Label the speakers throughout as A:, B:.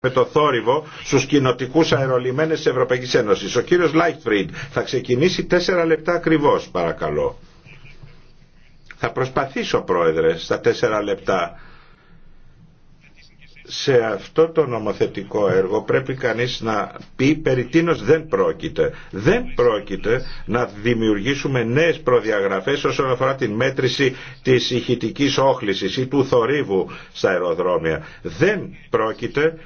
A: με το θόρυβο στους κοινοτικούς αερολιμένες της Ευρωπαϊκής Ένωσης. Ο κύριος Λάιτφριντ θα ξεκινήσει τέσσερα λεπτά ακριβώς, παρακαλώ. Θα προσπαθήσω, Πρόεδρε, στα τέσσερα λεπτά. Σε αυτό το νομοθετικό έργο πρέπει κανείς να πει περί τίνος δεν πρόκειται. Δεν πρόκειται να δημιουργήσουμε νέες προδιαγραφές όσον αφορά την μέτρηση της ηχητικής όχλησης ή του θορύβου στα αεροδρόμια. Δεν πρόκειται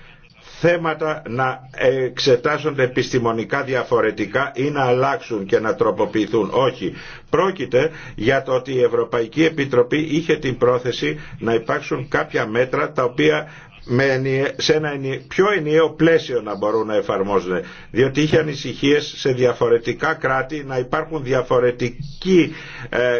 A: θέματα να εξετάζονται επιστημονικά διαφορετικά ή να αλλάξουν και να τροποποιηθούν. Όχι. Πρόκειται για το ότι η Ευρωπαϊκή Επιτροπή είχε την πρόθεση να υπάρξουν κάποια μέτρα τα οποία με, σε ένα πιο ενιαίο πλαίσιο να μπορούν να εφαρμόζονται. Διότι είχε ανησυχίε σε διαφορετικά κράτη να υπάρχουν διαφορετικοί ε,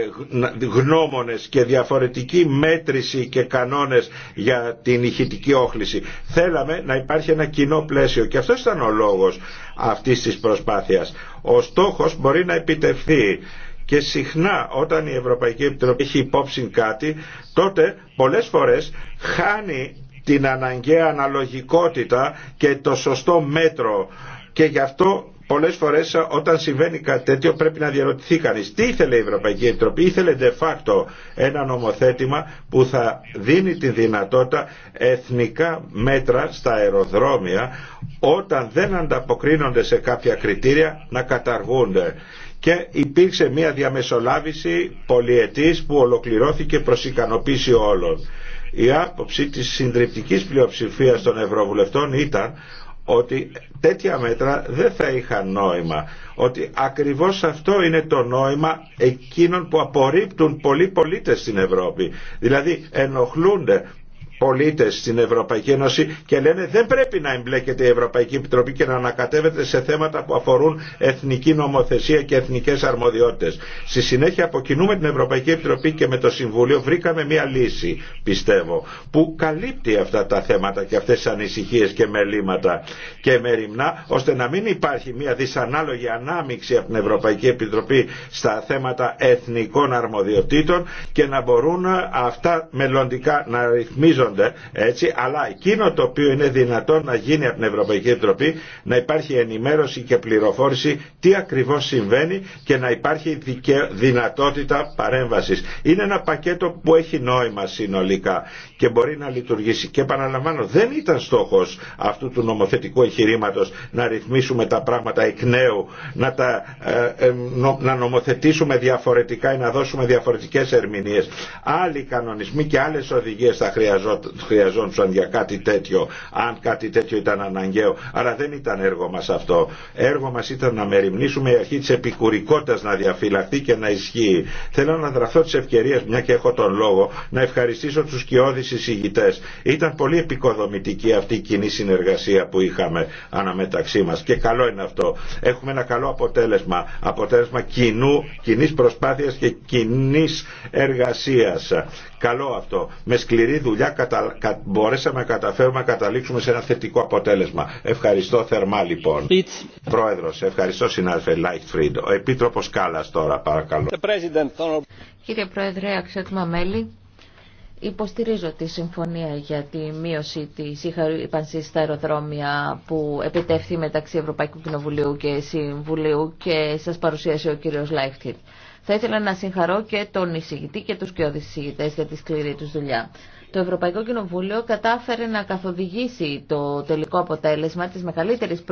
A: γνώμονες και διαφορετική μέτρηση και κανόνες για την ηχητική όχληση. Θέλαμε να υπάρχει ένα κοινό πλαίσιο και αυτό ήταν ο λόγος αυτής της προσπάθειας. Ο στόχος μπορεί να επιτευχθεί και συχνά όταν η Ευρωπαϊκή Επιτροπή έχει υπόψη κάτι, τότε πολλές φορές χάνει την αναγκαία αναλογικότητα και το σωστό μέτρο. Και γι' αυτό πολλές φορές όταν συμβαίνει κάτι τέτοιο πρέπει να διαρωτηθεί κανείς. Τι ήθελε η Ευρωπαϊκή Επιτροπή, ήθελε de facto ένα νομοθέτημα που θα δίνει τη δυνατότητα εθνικά μέτρα στα αεροδρόμια όταν δεν ανταποκρίνονται σε κάποια κριτήρια να καταργούνται και υπήρξε μια διαμεσολάβηση πολιετής που ολοκληρώθηκε προς ικανοποίηση όλων. Η άποψη της συντριπτικής πλειοψηφίας των Ευρωβουλευτών ήταν ότι τέτοια μέτρα δεν θα είχαν νόημα. Ότι ακριβώς αυτό είναι το νόημα εκείνων που απορρίπτουν πολλοί πολίτες στην Ευρώπη. Δηλαδή ενοχλούνται πολίτες στην Ευρωπαϊκή Ένωση και λένε δεν πρέπει να εμπλέκεται η Ευρωπαϊκή Επιτροπή και να ανακατεύεται σε θέματα που αφορούν εθνική νομοθεσία και εθνικές αρμοδιότητες. Στη συνέχεια με την Ευρωπαϊκή Επιτροπή και με το Συμβούλιο βρήκαμε μια λύση πιστεύω που καλύπτει αυτά τα θέματα και αυτές τις ανησυχίες και μελήματα και μεριμνά ώστε να μην υπάρχει μια δυσανάλογη ανάμειξη από την Ευρωπαϊκή Επιτροπή στα θέματα εθνικών αρμοδιοτήτων και να μπορούν αυτά μελλοντικά να ρυθμίζονται έτσι, αλλά εκείνο το οποίο είναι δυνατόν να γίνει από την Ευρωπαϊκή Επιτροπή να υπάρχει ενημέρωση και πληροφόρηση τι ακριβώς συμβαίνει και να υπάρχει δυνατότητα παρέμβασης. Είναι ένα πακέτο που έχει νόημα συνολικά και μπορεί να λειτουργήσει. Και επαναλαμβάνω, δεν ήταν στόχος αυτού του νομοθετικού εγχειρήματος να ρυθμίσουμε τα πράγματα εκ νέου, να, τα, ε, ε, να νομοθετήσουμε διαφορετικά ή να δώσουμε διαφορετικές ερμηνείες. Άλλοι κανονισμοί και άλλες οδηγίες θα χρειαζόταν χρειαζόντουσαν για κάτι τέτοιο, αν κάτι τέτοιο ήταν αναγκαίο. Αλλά δεν ήταν έργο μας αυτό. Έργο μας ήταν να μεριμνήσουμε η αρχή της επικουρικότητας να διαφυλαχθεί και να ισχύει. Θέλω να δραθώ τις ευκαιρίες, μια και έχω τον λόγο, να ευχαριστήσω τους κοιόδης εισηγητές. Ήταν πολύ επικοδομητική αυτή η κοινή συνεργασία που είχαμε αναμεταξύ μας και καλό είναι αυτό. Έχουμε ένα καλό αποτέλεσμα, αποτέλεσμα κοινού, κοινής προσπάθειας και κοινής εργασίας Καλό αυτό. Με σκληρή δουλειά κατα... μπορέσαμε να καταφέρουμε να καταλήξουμε σε ένα θετικό αποτέλεσμα. Ευχαριστώ θερμά λοιπόν. It's... Πρόεδρος, ευχαριστώ συνάδελφε Λάιχτφριντ. Ο Επίτροπος Κάλλας τώρα παρακαλώ.
B: Κύριε Πρόεδρε, αξιότιμα μέλη, Υποστηρίζω τη συμφωνία για τη μείωση τη ύπανση στα αεροδρόμια που επιτεύχθη μεταξύ Ευρωπαϊκού Κοινοβουλίου και Συμβουλίου και σα παρουσίασε ο κύριος Λάιφτιτ. Θα ήθελα να συγχαρώ και τον εισηγητή και τους και εισηγητές για τη σκληρή του δουλειά. Το Ευρωπαϊκό Κοινοβούλιο κατάφερε να καθοδηγήσει το τελικό αποτέλεσμα της μεγαλύτερης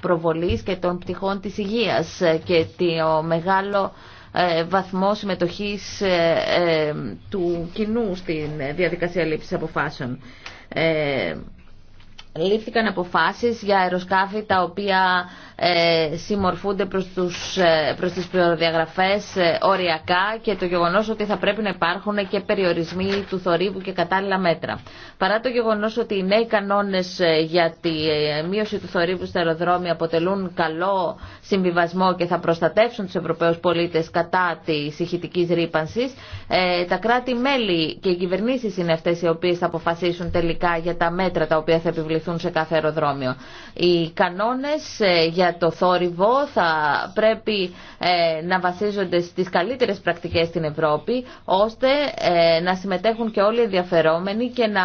B: προβολής και των πτυχών της υγείας και το μεγάλο ε, βαθμό συμμετοχής ε, ε, του κοινού στην διαδικασία λήψης αποφάσεων λήφθηκαν αποφάσεις για αεροσκάφη τα οποία ε, συμμορφούνται προς, τους, ε, προς τις προδιαγραφές ε, οριακά και το γεγονός ότι θα πρέπει να υπάρχουν και περιορισμοί του θορύβου και κατάλληλα μέτρα. Παρά το γεγονός ότι οι νέοι κανόνες ε, για τη ε, μείωση του θορύβου στα αεροδρόμια αποτελούν καλό συμβιβασμό και θα προστατεύσουν τους Ευρωπαίους πολίτες κατά της ηχητικής ρήπανσης, τα κράτη-μέλη και οι κυβερνήσεις είναι αυτές οι οποίες θα αποφασίσουν τελικά για τα μέτρα τα οποία θα επιβληθούν σε κάθε αεροδρόμιο. Οι κανόνες ε, για το θόρυβο θα πρέπει ε, να βασίζονται στις καλύτερες πρακτικές στην Ευρώπη ώστε ε, να συμμετέχουν και όλοι οι ενδιαφερόμενοι και να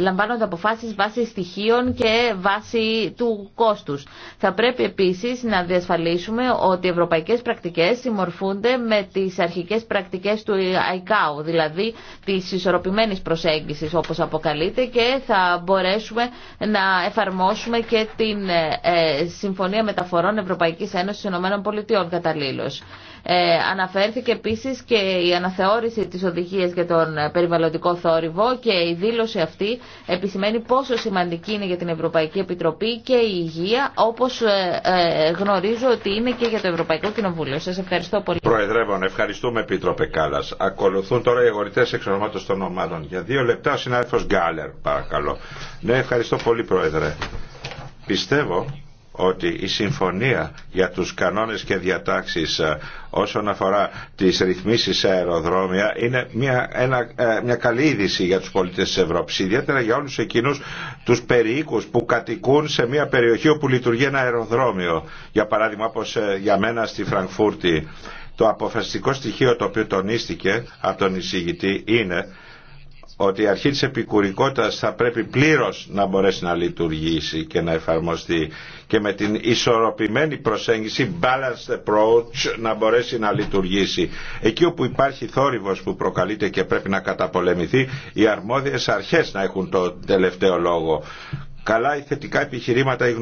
B: λαμβάνονται αποφάσεις βάσει στοιχείων και βάσει του κόστους. Θα πρέπει επίσης να διασφαλίσουμε ότι οι ευρωπαϊκές πρακτικές συμμορφούνται με τις αρχικές πρακτικές του ΑΙΚΑΟ, δηλαδή της ισορροπημένης προσέγγισης όπως αποκαλείται και θα μπορέσουμε να εφαρμόσουμε και την ε, ε, Συμφωνία Μεταφορών Ευρωπαϊκής Ένωσης των Ηνωμένων Πολιτειών καταλήλως. Ε, αναφέρθηκε επίσης και η αναθεώρηση της οδηγίας για τον ε, περιβαλλοντικό θόρυβο και η δήλωση αυτή επισημαίνει πόσο σημαντική είναι για την Ευρωπαϊκή Επιτροπή και η υγεία όπως ε, ε, γνωρίζω ότι είναι και για το Ευρωπαϊκό Κοινοβούλιο. Σας ευχαριστώ πολύ.
A: Προεδρεύων, ευχαριστούμε Επίτροπε Κάλλας. Ακολουθούν τώρα οι αγορητές εξονομάτων των ομάδων. Για δύο λεπτά ο συνάδελφος Γκάλερ παρακαλώ. Ναι, ευχαριστώ πολύ Πρόεδρε. Πιστεύω ότι η συμφωνία για τους κανόνες και διατάξεις ε, όσον αφορά τις ρυθμίσεις σε αεροδρόμια είναι μια, ε, μια καλή είδηση για τους πολίτες της Ευρώπης ιδιαίτερα για όλους εκείνους τους περιοίκους που κατοικούν σε μια περιοχή όπου λειτουργεί ένα αεροδρόμιο για παράδειγμα όπως ε, για μένα στη Φραγκφούρτη το αποφασιστικό στοιχείο το οποίο τονίστηκε από τον εισηγητή είναι ότι η αρχή της επικουρικότητας θα πρέπει πλήρως να μπορέσει να λειτουργήσει και να εφαρμοστεί και με την ισορροπημένη προσέγγιση balanced approach να μπορέσει να λειτουργήσει. Εκεί όπου υπάρχει θόρυβος που προκαλείται και πρέπει να καταπολεμηθεί, οι αρμόδιες αρχές να έχουν το τελευταίο λόγο καλά ή θετικά επιχειρήματα ή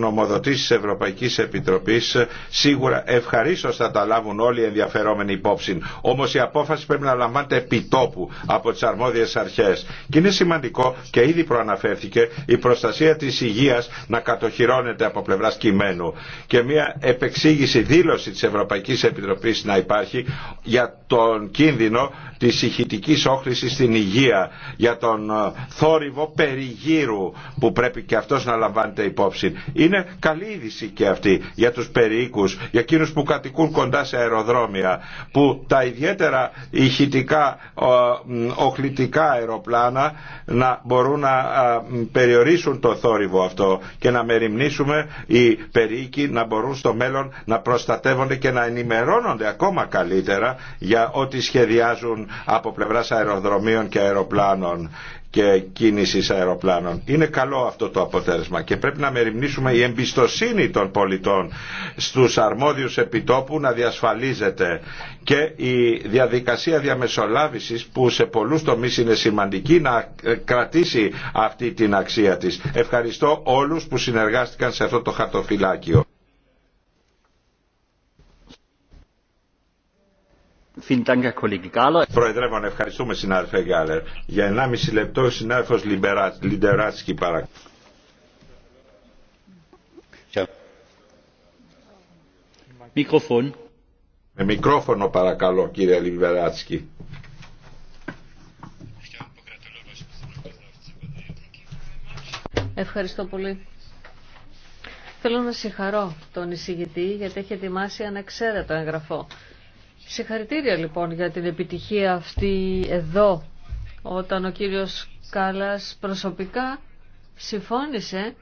A: τη Ευρωπαϊκή Επιτροπής σίγουρα ευχαρίστω θα τα λάβουν όλοι οι ενδιαφερόμενοι υπόψη. όμω η απόφαση πρέπει να λαμβάνεται επιτόπου από τι αρμόδιε αρχέ. Και είναι σημαντικό και ήδη προαναφέρθηκε η προστασία τη υγεία να κατοχυρώνεται από πλευρά κειμένου και μια επεξήγηση δήλωση τη Ευρωπαϊκή Επιτροπή να υπάρχει για τον κίνδυνο τη ηχητική όχληση στην υγεία, για τον θόρυβο περιγύρου που πρέπει και να λαμβάνεται υπόψη. Είναι καλή είδηση και αυτή για τους περίοικους, για εκείνους που κατοικούν κοντά σε αεροδρόμια, που τα ιδιαίτερα ηχητικά, οχλητικά αεροπλάνα να μπορούν να περιορίσουν το θόρυβο αυτό και να μεριμνήσουμε οι περίοικοι να μπορούν στο μέλλον να προστατεύονται και να ενημερώνονται ακόμα καλύτερα για ό,τι σχεδιάζουν από πλευράς αεροδρομίων και αεροπλάνων και κίνησης αεροπλάνων. Είναι καλό αυτό το αποτέλεσμα και πρέπει να μεριμνήσουμε η εμπιστοσύνη των πολιτών στους αρμόδιους επιτόπου να διασφαλίζεται και η διαδικασία διαμεσολάβησης που σε πολλούς τομείς είναι σημαντική να κρατήσει αυτή την αξία της. Ευχαριστώ όλους που συνεργάστηκαν σε αυτό το χαρτοφυλάκιο. Προεδρεύων, ευχαριστούμε συνάδελφε Γκάλερ. Για 1,5 λεπτό ο συνάδελφος Λιντεράτσκι παρακαλώ. Μικρόφωνο. Με μικρόφωνο παρακαλώ κύριε Λιντεράτσκι.
C: Ευχαριστώ πολύ. Θέλω να συγχαρώ τον εισηγητή γιατί έχει ετοιμάσει εξαίρετο εγγραφό. Συγχαρητήρια λοιπόν για την επιτυχία αυτή εδώ, όταν ο κύριος Κάλας προσωπικά συμφώνησε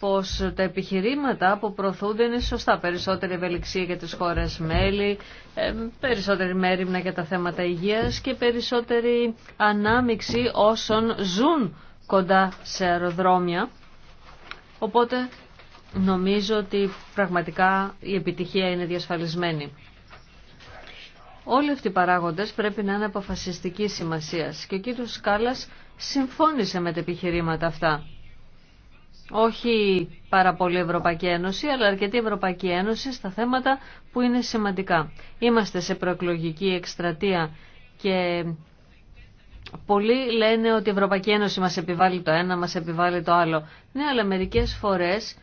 C: πως τα επιχειρήματα που προωθούνται είναι σωστά. Περισσότερη ευελιξία για τις χώρες μέλη, περισσότερη μέρημνα για τα θέματα υγείας και περισσότερη ανάμιξη όσων ζουν κοντά σε αεροδρόμια. Οπότε νομίζω ότι πραγματικά η επιτυχία είναι διασφαλισμένη. Όλοι αυτοί οι παράγοντες πρέπει να είναι αποφασιστική σημασίας και ο κύριος Σκάλας συμφώνησε με τα επιχειρήματα αυτά. Όχι πάρα πολύ Ευρωπαϊκή Ένωση, αλλά αρκετή Ευρωπαϊκή Ένωση στα θέματα που είναι σημαντικά. Είμαστε σε προεκλογική εκστρατεία και πολλοί λένε ότι η Ευρωπαϊκή Ένωση μας επιβάλλει το ένα, μας επιβάλλει το άλλο. Ναι, αλλά μερικές φορές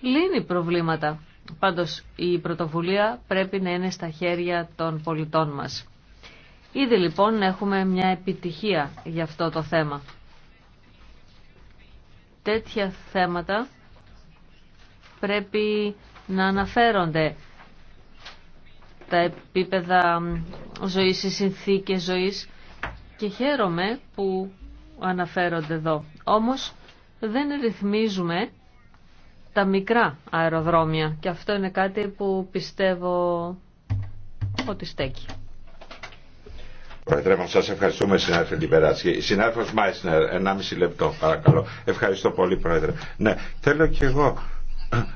C: λύνει προβλήματα. Πάντως η πρωτοβουλία πρέπει να είναι στα χέρια των πολιτών μας. Ήδη λοιπόν έχουμε μια επιτυχία για αυτό το θέμα. Τέτοια θέματα πρέπει να αναφέρονται τα επίπεδα ζωής, οι συνθήκες ζωής και χαίρομαι που αναφέρονται εδώ. Όμως δεν ρυθμίζουμε τα μικρά αεροδρόμια και αυτό είναι κάτι που πιστεύω ότι στέκει.
A: Προεδρεύω, σας ευχαριστούμε, συνάδελφε Λιβεράτσκι. Συνάδελφος Μάισνερ, 1,5 λεπτό, παρακαλώ. Ευχαριστώ πολύ, Πρόεδρε. Ναι, θέλω κι εγώ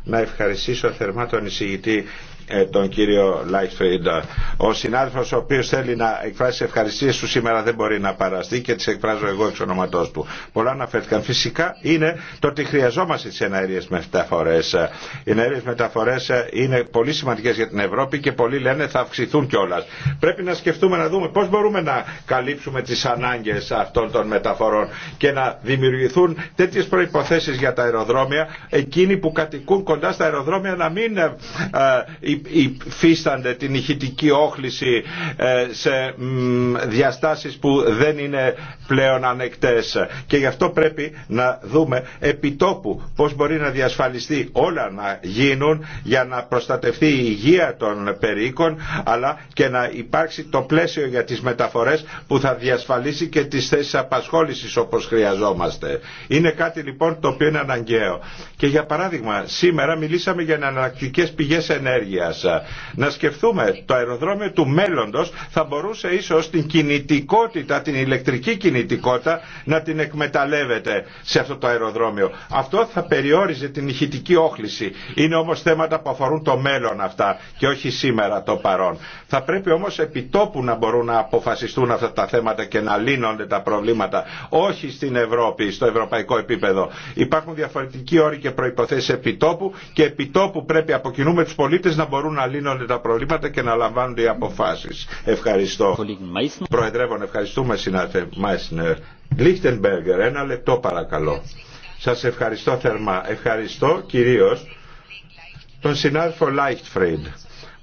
A: να ευχαριστήσω θερμά τον εισηγητή ε, τον κύριο Λάιχφριντ. Ο συνάδελφος ο οποίος θέλει να εκφράσει ευχαριστίες του σήμερα δεν μπορεί να παραστεί και τις εκφράζω εγώ εξ ονοματός του. Πολλά αναφέρθηκαν. Φυσικά είναι το ότι χρειαζόμαστε τις εναέριες μεταφορές. Οι εναέριες μεταφορές είναι πολύ σημαντικές για την Ευρώπη και πολλοί λένε θα αυξηθούν κιόλα. Πρέπει να σκεφτούμε να δούμε πώς μπορούμε να καλύψουμε τις ανάγκες αυτών των μεταφορών και να δημιουργηθούν τέτοιε προϋποθέσεις για τα αεροδρόμια εκείνοι που κατοικούν κοντά στα αεροδρόμια να μην ε, ε, υφίστανται την ηχητική όχληση ε, σε διαστάσεις που δεν είναι πλέον ανεκτές. Και γι' αυτό πρέπει να δούμε επιτόπου πώς μπορεί να διασφαλιστεί όλα να γίνουν για να προστατευτεί η υγεία των περίοικων αλλά και να υπάρξει το πλαίσιο για τις μεταφορές που θα διασφαλίσει και τις θέσεις απασχόλησης όπως χρειαζόμαστε. Είναι κάτι λοιπόν το οποίο είναι αναγκαίο. Και για παράδειγμα σήμερα μιλήσαμε για εναλλακτικές πηγές ενέργειας να σκεφτούμε το αεροδρόμιο του μέλλοντος θα μπορούσε ίσως την κινητικότητα, την ηλεκτρική κινητικότητα να την εκμεταλλεύεται σε αυτό το αεροδρόμιο. Αυτό θα περιόριζε την ηχητική όχληση. Είναι όμως θέματα που αφορούν το μέλλον αυτά και όχι σήμερα το παρόν. Θα πρέπει όμως επιτόπου να μπορούν να αποφασιστούν αυτά τα θέματα και να λύνονται τα προβλήματα. Όχι στην Ευρώπη, στο ευρωπαϊκό επίπεδο. Υπάρχουν διαφορετικοί όροι και προϋποθέσεις επιτόπου και επιτόπου πρέπει από τους πολίτες να μπορούν να λύνονται τα προβλήματα και να λαμβάνονται οι αποφάσει. Ευχαριστώ. Προεδρεύον, ευχαριστούμε συνάδελφε Μάισνερ. Λίχτενμπεργκερ, ένα λεπτό παρακαλώ. Σας ευχαριστώ θερμά. Ευχαριστώ κυρίω τον συνάδελφο Λάιχτφρεντ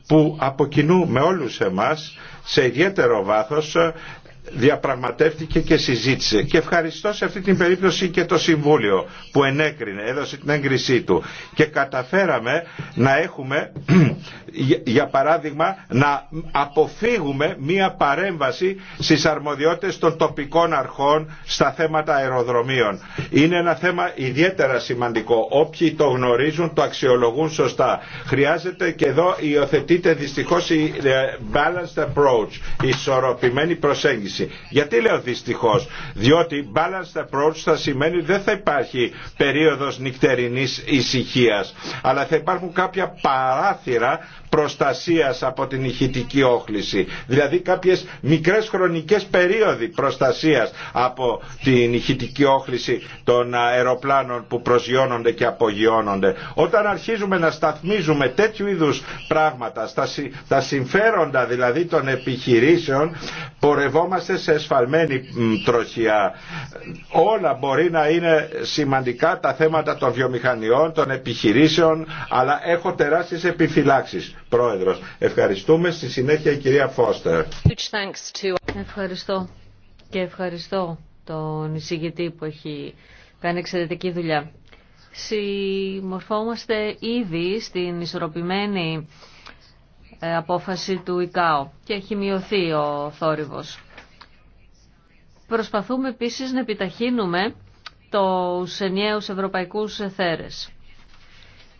A: που από κοινού με όλους εμάς σε ιδιαίτερο βάθος διαπραγματεύτηκε και συζήτησε. Και ευχαριστώ σε αυτή την περίπτωση και το Συμβούλιο που ενέκρινε, έδωσε την έγκρισή του. Και καταφέραμε να έχουμε, για παράδειγμα, να αποφύγουμε μία παρέμβαση στις αρμοδιότητες των τοπικών αρχών στα θέματα αεροδρομίων. Είναι ένα θέμα ιδιαίτερα σημαντικό. Όποιοι το γνωρίζουν, το αξιολογούν σωστά. Χρειάζεται και εδώ υιοθετείται δυστυχώς η ε, balanced approach, η ισορροπημένη προσέγγιση γιατί λέω δυστυχώ, διότι balanced approach θα σημαίνει δεν θα υπάρχει περίοδος νυχτερινή ησυχία, αλλά θα υπάρχουν κάποια παράθυρα προστασίας από την ηχητική όχληση. Δηλαδή κάποιες μικρές χρονικές περίοδοι προστασίας από την ηχητική όχληση των αεροπλάνων που προσγειώνονται και απογειώνονται. Όταν αρχίζουμε να σταθμίζουμε τέτοιου είδους πράγματα, τα συμφέροντα δηλαδή των επιχειρήσεων, πορευόμαστε είμαστε σε σφαλμένη τροχιά. Όλα μπορεί να είναι σημαντικά τα θέματα των βιομηχανιών, των επιχειρήσεων, αλλά έχω τεράστιες επιφυλάξεις. Πρόεδρος, ευχαριστούμε. Στη συνέχεια η κυρία Φώστερ.
C: Ευχαριστώ και ευχαριστώ τον εισηγητή που έχει κάνει εξαιρετική δουλειά. Συμμορφόμαστε ήδη στην ισορροπημένη ε, απόφαση του ΙΚΑΟ και έχει μειωθεί ο θόρυβος. Προσπαθούμε επίσης να επιταχύνουμε τους ενιαίους ευρωπαϊκούς θέρες.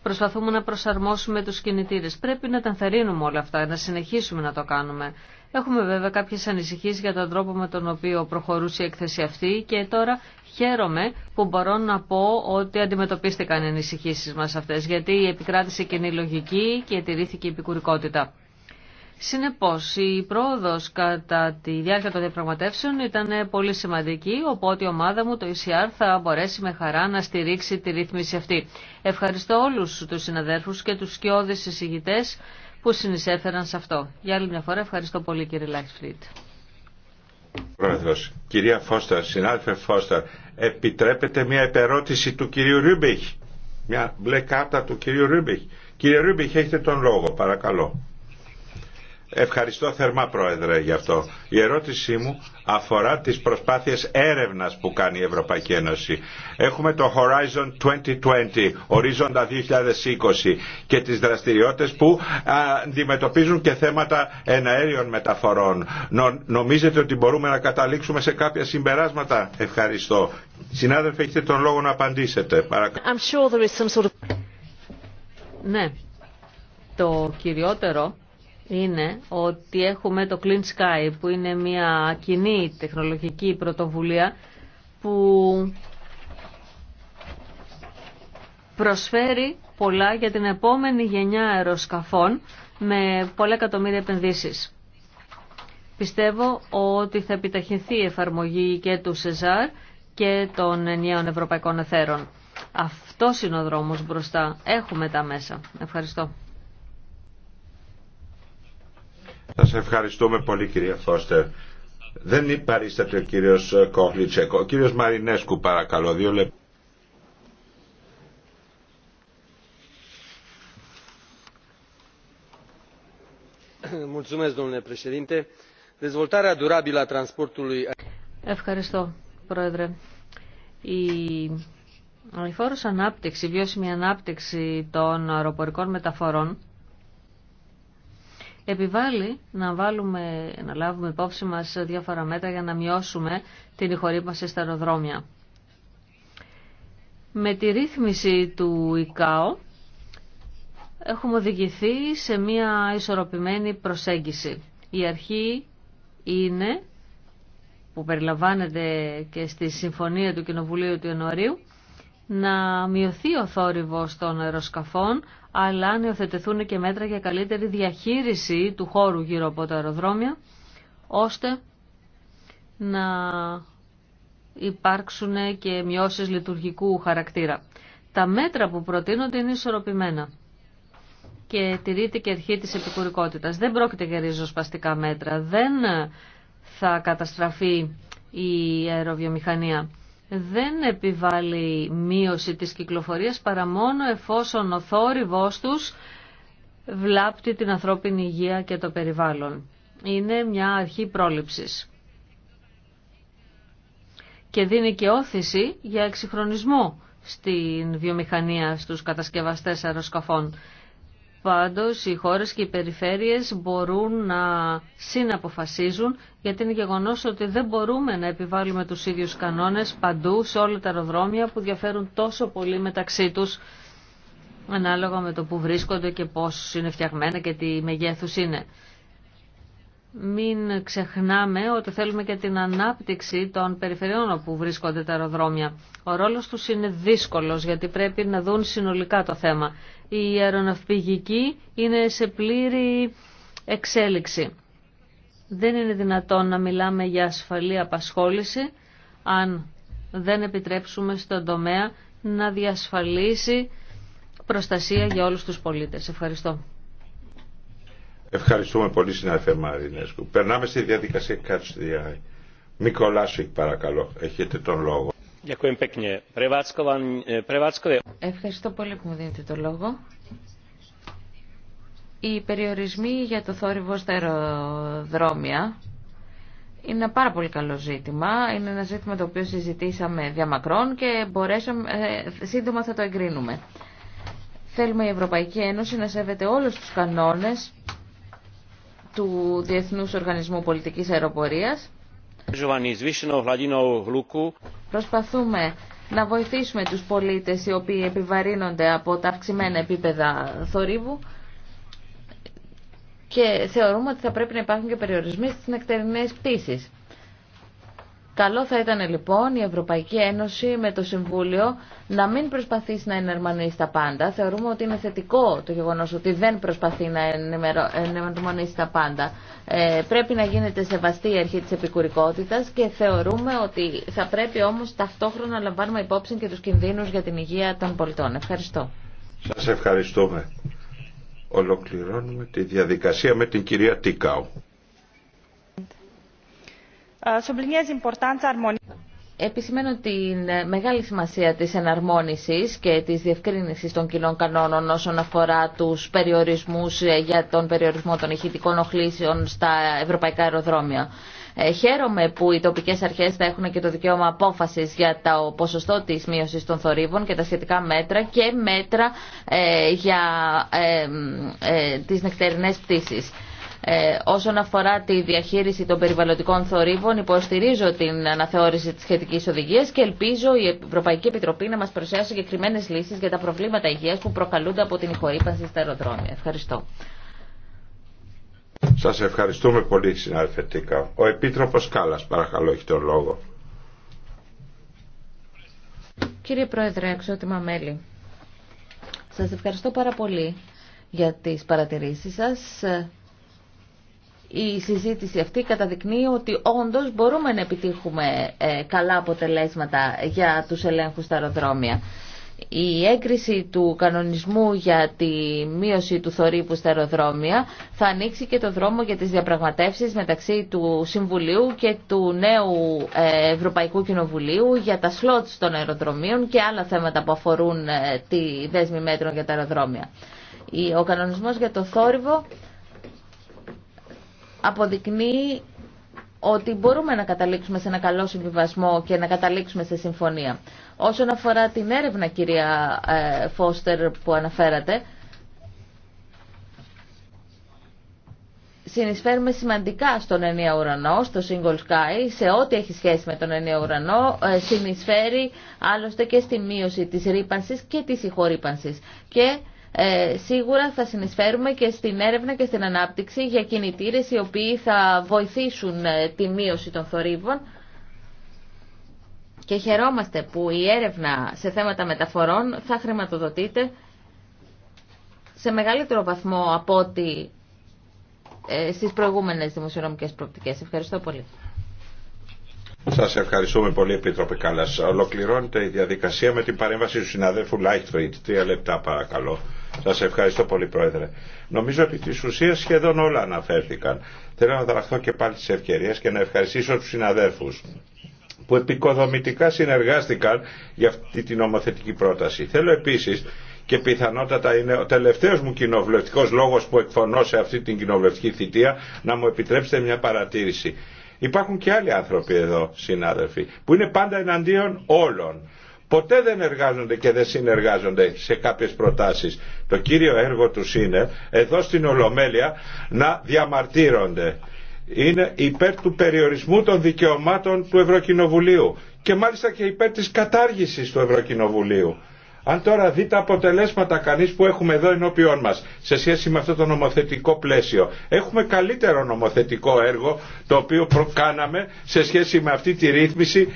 C: Προσπαθούμε να προσαρμόσουμε τους κινητήρες. Πρέπει να τα ενθαρρύνουμε όλα αυτά, να συνεχίσουμε να το κάνουμε. Έχουμε βέβαια κάποιες ανησυχίες για τον τρόπο με τον οποίο προχωρούσε η έκθεση αυτή και τώρα χαίρομαι που μπορώ να πω ότι αντιμετωπίστηκαν οι ανησυχίες μας αυτές γιατί η επικράτησε κοινή λογική και τηρήθηκε η επικουρικότητα. Συνεπώς, η πρόοδος κατά τη διάρκεια των διαπραγματεύσεων ήταν πολύ σημαντική, οπότε η ομάδα μου, το ECR, θα μπορέσει με χαρά να στηρίξει τη ρύθμιση αυτή. Ευχαριστώ όλους τους συναδέρφους και τους σκιώδεις εισηγητές που συνεισέφεραν σε αυτό. Για άλλη μια φορά, ευχαριστώ πολύ κύριε Λάχτφριντ.
A: Πρόεδρος, κυρία Φώστα, συνάδελφε Φώστερ, επιτρέπετε μια επερώτηση του κυρίου Ρούμπιχ. Μια μπλε κάρτα του κυρίου Ρούμπιχ. Κύριε Ρούμπιχ, έχετε τον λόγο, παρακαλώ. Ευχαριστώ θερμά Πρόεδρε γι' αυτό. Η ερώτησή μου αφορά τις προσπάθειες έρευνας που κάνει η Ευρωπαϊκή Ένωση. Έχουμε το Horizon 2020, ορίζοντα 2020 και τις δραστηριότητες που αντιμετωπίζουν και θέματα εναέριων μεταφορών. νομίζετε ότι μπορούμε να καταλήξουμε σε κάποια συμπεράσματα. Ευχαριστώ. Συνάδελφε, έχετε τον λόγο να απαντήσετε.
C: Ναι, το κυριότερο είναι ότι έχουμε το Clean Sky που είναι μια κοινή τεχνολογική πρωτοβουλία που προσφέρει πολλά για την επόμενη γενιά αεροσκαφών με πολλά εκατομμύρια επενδύσεις. Πιστεύω ότι θα επιταχυνθεί η εφαρμογή και του ΣΕΖΑΡ και των ενιαίων ευρωπαϊκών εθέρων. Αυτός είναι ο δρόμος μπροστά. Έχουμε τα μέσα. Ευχαριστώ.
A: Σας ευχαριστούμε πολύ κύριε Φώστερ. Δεν υπαρίσταται ο κύριος Κόχλιτσεκ. Ο κύριος Μαρινέσκου παρακαλώ δύο λεπτά.
C: Ευχαριστώ, Πρόεδρε. Η αηφόρος ανάπτυξη, η βιώσιμη ανάπτυξη των αεροπορικών μεταφορών επιβάλλει να, βάλουμε, να λάβουμε υπόψη μας διάφορα μέτρα για να μειώσουμε την ηχορύπανση στα αεροδρόμια. Με τη ρύθμιση του ΙΚΑΟ έχουμε οδηγηθεί σε μια ισορροπημένη προσέγγιση. Η αρχή είναι, που περιλαμβάνεται και στη Συμφωνία του Κοινοβουλίου του Ιανουαρίου, να μειωθεί ο θόρυβος των αεροσκαφών, αλλά να υιοθετηθούν και μέτρα για καλύτερη διαχείριση του χώρου γύρω από τα αεροδρόμια, ώστε να υπάρξουν και μειώσεις λειτουργικού χαρακτήρα. Τα μέτρα που προτείνονται είναι ισορροπημένα και τηρείται και αρχή της επικουρικότητας. Δεν πρόκειται για ριζοσπαστικά μέτρα, δεν θα καταστραφεί η αεροβιομηχανία δεν επιβάλλει μείωση της κυκλοφορίας παρά μόνο εφόσον ο θόρυβός τους βλάπτει την ανθρώπινη υγεία και το περιβάλλον. Είναι μια αρχή πρόληψης. Και δίνει και όθηση για εξυγχρονισμό στην βιομηχανία στους κατασκευαστές αεροσκαφών. Πάντως οι χώρες και οι περιφέρειες μπορούν να συναποφασίζουν γιατί είναι γεγονός ότι δεν μπορούμε να επιβάλλουμε τους ίδιους κανόνες παντού σε όλα τα αεροδρόμια που διαφέρουν τόσο πολύ μεταξύ τους ανάλογα με το που βρίσκονται και πώς είναι φτιαγμένα και τι μεγέθους είναι. Μην ξεχνάμε ότι θέλουμε και την ανάπτυξη των περιφερειών όπου βρίσκονται τα αεροδρόμια. Ο ρόλος τους είναι δύσκολος γιατί πρέπει να δουν συνολικά το θέμα η αεροναυπηγική είναι σε πλήρη εξέλιξη. Δεν είναι δυνατόν να μιλάμε για ασφαλή απασχόληση αν δεν επιτρέψουμε στον τομέα να διασφαλίσει προστασία για όλους τους πολίτες. Ευχαριστώ.
A: Ευχαριστούμε πολύ συνάδελφε Μαρινέσκου. Περνάμε στη διαδικασία κάτω στη παρακαλώ, έχετε τον λόγο. Eh,
B: Ευχαριστώ πολύ που μου δίνετε το λόγο. Οι περιορισμοί για το θόρυβο στα αεροδρόμια είναι ένα πάρα πολύ καλό ζήτημα. Είναι ένα ζήτημα το οποίο συζητήσαμε διαμακρών και μπορέσαμε, ε, σύντομα θα το εγκρίνουμε. Θέλουμε η Ευρωπαϊκή Ένωση να σέβεται όλους τους κανόνες του Διεθνούς Οργανισμού Πολιτικής Αεροπορίας Προσπαθούμε να βοηθήσουμε τους πολίτες οι οποίοι επιβαρύνονται από τα αυξημένα επίπεδα θορύβου και θεωρούμε ότι θα πρέπει να υπάρχουν και περιορισμοί στις νεκτερινές πτήσεις. Καλό θα ήταν λοιπόν η Ευρωπαϊκή Ένωση με το Συμβούλιο να μην προσπαθήσει να ενερμανίσει τα πάντα. Θεωρούμε ότι είναι θετικό το γεγονό ότι δεν προσπαθεί να ενερμανίσει τα πάντα. Ε, πρέπει να γίνεται σεβαστή η αρχή τη επικουρικότητα και θεωρούμε ότι θα πρέπει όμω ταυτόχρονα να λαμβάνουμε υπόψη και του κινδύνου για την υγεία των πολιτών. Ευχαριστώ.
A: Σα ευχαριστούμε. Ολοκληρώνουμε τη διαδικασία με την κυρία Τίκαου.
B: Ε, subliniez importanța επισημαίνω την ε, μεγάλη σημασία της εναρμόνισης και της διευκρίνησης των κοινών κανόνων όσον αφορά τους περιορισμούς ε, για τον περιορισμό των ηχητικών οχλήσεων στα ευρωπαϊκά αεροδρόμια. Χαίρομαι που οι τοπικές αρχές θα έχουν και το δικαίωμα απόφασης για το ποσοστό της μείωσης των θορύβων και τα σχετικά μέτρα και μέτρα για τις νεκτερινές πτήσεις. Ε, όσον αφορά τη διαχείριση των περιβαλλοντικών θορύβων, υποστηρίζω την αναθεώρηση τη σχετική οδηγία και ελπίζω η Ευρωπαϊκή Επιτροπή να μα προσέξει συγκεκριμένε λύσει για τα προβλήματα υγεία που προκαλούνται από την ηχορύπανση στα αεροδρόμια. Ευχαριστώ.
A: Σα ευχαριστούμε πολύ συνάδελφε Τίκα. Ο επίτροπο Κάλλα, παρακαλώ έχει τον λόγο.
B: Κύριε Πρόεδρε, αξιότιμα μέλη, σας ευχαριστώ πάρα πολύ για τις παρατηρήσεις σας η συζήτηση αυτή καταδεικνύει ότι όντως μπορούμε να επιτύχουμε ε, καλά αποτελέσματα για τους ελέγχους στα αεροδρόμια. Η έγκριση του κανονισμού για τη μείωση του θορύβου στα αεροδρόμια θα ανοίξει και το δρόμο για τις διαπραγματεύσεις μεταξύ του Συμβουλίου και του νέου ε, Ευρωπαϊκού Κοινοβουλίου για τα σλότς των αεροδρομίων και άλλα θέματα που αφορούν ε, τη δέσμη μέτρων για τα αεροδρόμια. Ο κανονισμός για το θόρυβο αποδεικνύει ότι μπορούμε να καταλήξουμε σε ένα καλό συμβιβασμό και να καταλήξουμε σε συμφωνία. Όσον αφορά την έρευνα, κυρία ε, Φώστερ, που αναφέρατε, συνεισφέρουμε σημαντικά στον ενίο ουρανό, στο Single Sky, σε ό,τι έχει σχέση με τον ενίο ουρανό, ε, συνεισφέρει άλλωστε και στη μείωση της ρήπανσης και της συγχωρήπανσης. Και ε, σίγουρα θα συνεισφέρουμε και στην έρευνα και στην ανάπτυξη για κινητήρες οι οποίοι θα βοηθήσουν ε, τη μείωση των θορύβων και χαιρόμαστε που η έρευνα σε θέματα μεταφορών θα χρηματοδοτείται σε μεγαλύτερο βαθμό από ό,τι ε, στις προηγούμενες δημοσιονομικές προοπτικές. Ευχαριστώ πολύ.
A: Σας ευχαριστούμε πολύ Επίτροπε Κάλλας. Ολοκληρώνεται η διαδικασία με την παρέμβαση του συναδέλφου Λάιχτφριντ. Τρία λεπτά παρακαλώ. Σας ευχαριστώ πολύ Πρόεδρε. Νομίζω ότι τη ουσία σχεδόν όλα αναφέρθηκαν. Θέλω να δραχθώ και πάλι τις ευκαιρίες και να ευχαριστήσω τους συναδέλφους που επικοδομητικά συνεργάστηκαν για αυτή την νομοθετική πρόταση. Θέλω επίσης και πιθανότατα είναι ο τελευταίος μου κοινοβουλευτικό λόγος που εκφωνώ σε αυτή την κοινοβουλευτική θητεία να μου επιτρέψετε μια παρατήρηση. Υπάρχουν και άλλοι άνθρωποι εδώ, συνάδελφοι, που είναι πάντα εναντίον όλων. Ποτέ δεν εργάζονται και δεν συνεργάζονται σε κάποιες προτάσεις. Το κύριο έργο τους είναι, εδώ στην Ολομέλεια, να διαμαρτύρονται. Είναι υπέρ του περιορισμού των δικαιωμάτων του Ευρωκοινοβουλίου και μάλιστα και υπέρ της κατάργησης του Ευρωκοινοβουλίου. Αν τώρα δει τα αποτελέσματα κανείς που έχουμε εδώ ενώπιόν μας σε σχέση με αυτό το νομοθετικό πλαίσιο. Έχουμε καλύτερο νομοθετικό έργο το οποίο προκάναμε σε σχέση με αυτή τη ρύθμιση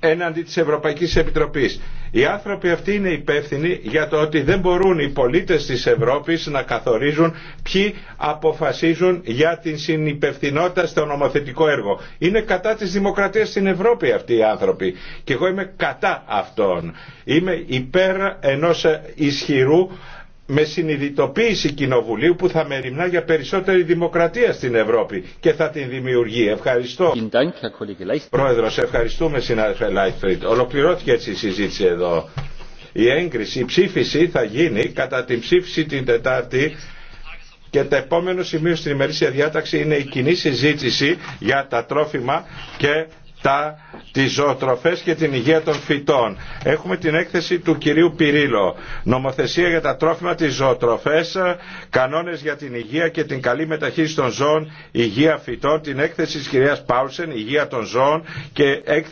A: έναντι της Ευρωπαϊκής Επιτροπής. Οι άνθρωποι αυτοί είναι υπεύθυνοι για το ότι δεν μπορούν οι πολίτες της Ευρώπης να καθορίζουν ποιοι αποφασίζουν για την συνυπευθυνότητα στο νομοθετικό έργο. Είναι κατά της δημοκρατίας στην Ευρώπη αυτοί οι άνθρωποι και εγώ είμαι κατά αυτών. Είμαι υπέρ ενός ισχυρού με συνειδητοποίηση κοινοβουλίου που θα μεριμνά για περισσότερη δημοκρατία στην Ευρώπη και θα την δημιουργεί. Ευχαριστώ. Πρόεδρο, ευχαριστούμε συνάδελφε Λάιφρυντ. Ολοκληρώθηκε έτσι η συζήτηση εδώ. Η έγκριση, η ψήφιση θα γίνει κατά την ψήφιση την Τετάρτη και το επόμενο σημείο στην ημερήσια διάταξη είναι η κοινή συζήτηση για τα τρόφιμα και τα, τις ζωοτροφές και την υγεία των φυτών. Έχουμε την έκθεση του κυρίου Πυρίλο. Νομοθεσία για τα τρόφιμα, της ζωοτροφές, κανόνες για την υγεία και την καλή μεταχείριση των ζώων, υγεία φυτών, την έκθεση της κυρίας Πάουλσεν. υγεία των ζώων και